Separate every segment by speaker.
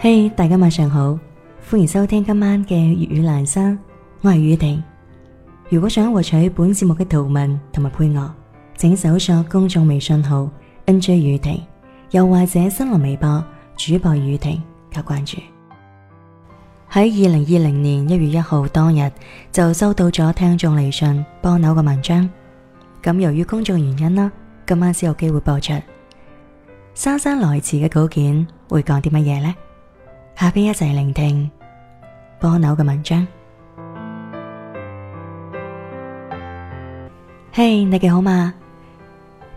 Speaker 1: 嘿，hey，大家晚上好，歡迎收聽今晚嘅粵語蘭生，我係宇婷。如果想獲取本節目嘅圖文同埋配樂，請搜索公眾微信號 NJ 宇婷，又或者新浪微博主播宇婷加關注。喺二零二零年一月一號當日就收到咗聽眾嚟信，波妞嘅文章咁，由於工作原因啦，今晚先有機會播出。姍姍來遲嘅稿件會講啲乜嘢呢？下邊一齊聆聽波妞嘅文章。嘿，hey，你幾好嘛？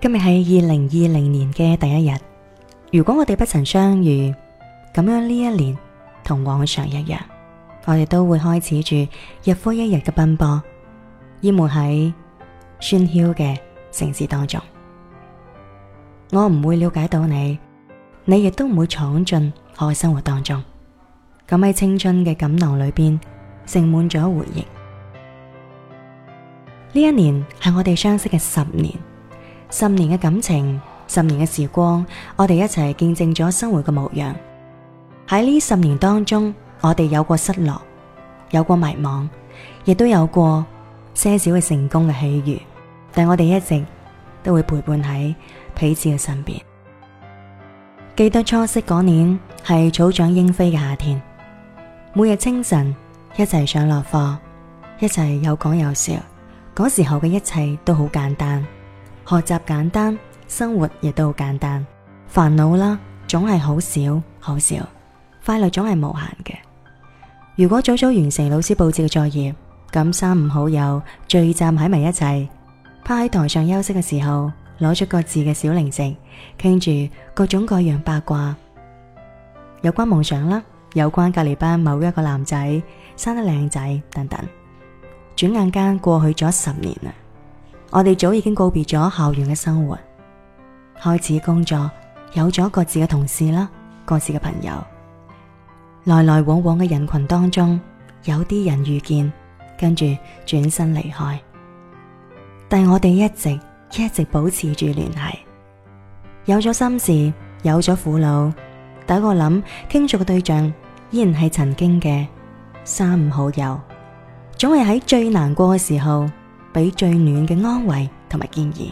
Speaker 1: 今日係二零二零年嘅第一日。如果我哋不曾相遇，咁樣呢一年同往常一樣，我哋都會開始住日復一日嘅奔波，淹沒喺喧囂嘅城市當中。我唔會了解到你，你亦都唔會闖進我嘅生活當中。咁喺青春嘅錦囊裏邊，盛滿咗回憶。呢一年係我哋相識嘅十年，十年嘅感情，十年嘅時光，我哋一齊見證咗生活嘅模樣。喺呢十年當中，我哋有過失落，有過迷茫，亦都有過些少嘅成功嘅喜悅。但我哋一直都會陪伴喺彼此嘅身邊。記得初識嗰年，係草長鶯飛嘅夏天。每日清晨一齊上落課，一齊有講有笑。嗰時候嘅一切都好簡單，學習簡單，生活亦都好簡單。煩惱啦，總係好少好少，快樂總係無限嘅。如果早早完成老師布置嘅作業，咁三五好友聚集喺埋一齊，趴喺台上休息嘅時候，攞出各自嘅小零食，傾住各種各樣八卦，有關夢想啦。有關隔籬班某一個男仔，生得靚仔等等，轉眼間過去咗十年啦。我哋早已經告別咗校園嘅生活，開始工作，有咗各自嘅同事啦，各自嘅朋友。來來往往嘅人群當中，有啲人遇見，跟住轉身離開。但係我哋一直一直保持住聯繫，有咗心事，有咗苦惱，第一個諗傾訴嘅對象。依然係曾經嘅三五好友，總係喺最難過嘅時候，俾最暖嘅安慰同埋建議。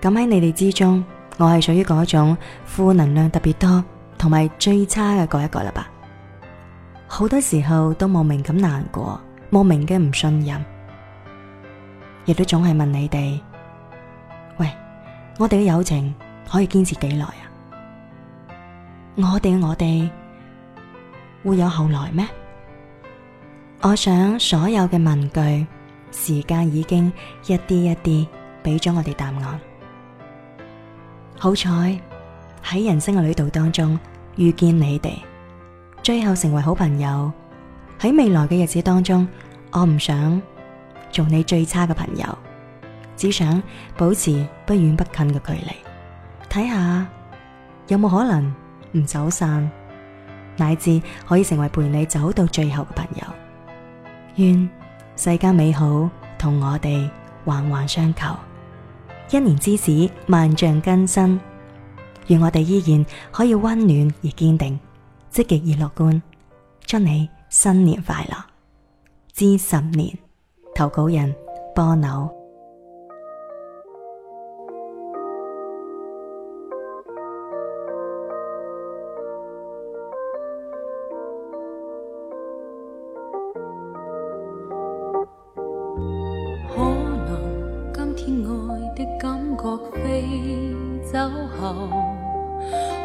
Speaker 1: 咁喺你哋之中，我係屬於嗰一種負能量特別多，同埋最差嘅嗰一個啦吧。好多時候都莫名咁難過，莫名嘅唔信任，亦都總係問你哋：喂，我哋嘅友情可以堅持幾耐啊？我哋嘅我哋。會有後來咩？我想所有嘅問句，時間已經一啲一啲俾咗我哋答案。好彩喺人生嘅旅途當中遇見你哋，最後成為好朋友。喺未來嘅日子當中，我唔想做你最差嘅朋友，只想保持不遠不近嘅距離，睇下有冇可能唔走散。乃至可以成為陪你走到最後嘅朋友。願世間美好同我哋環環相扣。一年之始，萬象更新。願我哋依然可以温暖而堅定，積極而樂觀。祝你新年快樂，致十年。投稿人：波妞。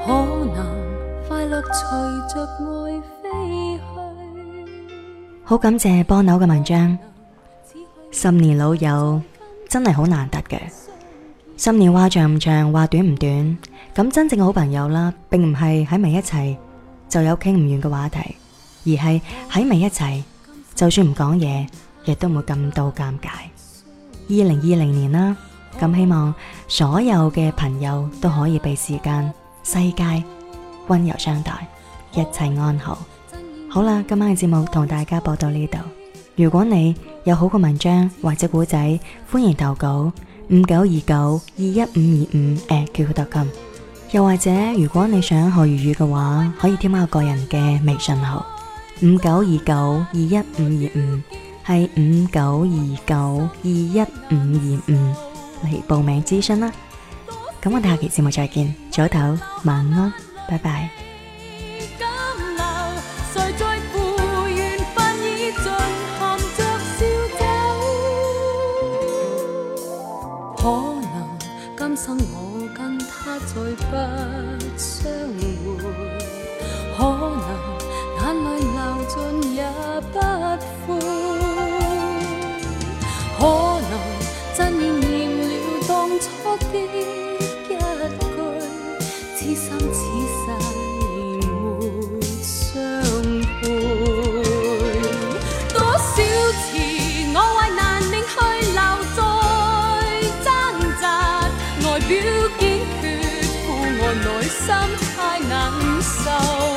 Speaker 2: 可能快樂隨着愛飛去。
Speaker 1: 好感謝波妞嘅文章，十年老友真係好難得嘅。十年話長唔長，話短唔短，咁真正嘅好朋友啦，並唔係喺埋一齊就有傾唔完嘅話題，而係喺埋一齊就算唔講嘢，亦都冇咁多尷尬。二零二零年啦。咁希望所有嘅朋友都可以被時間、世界温柔相待，一切安好。好啦，今晚嘅節目同大家播到呢度。如果你有好嘅文章或者古仔，歡迎投稿五九二九二一五二五誒 QQ 特金。又或者如果你想學粵語嘅話，可以添加我個人嘅微信號五九二九二一五二五，係五九二九二一五二五。嚟報名諮詢啦！咁我哋下期節目
Speaker 2: 再見，早唞晚安，拜拜。太難受。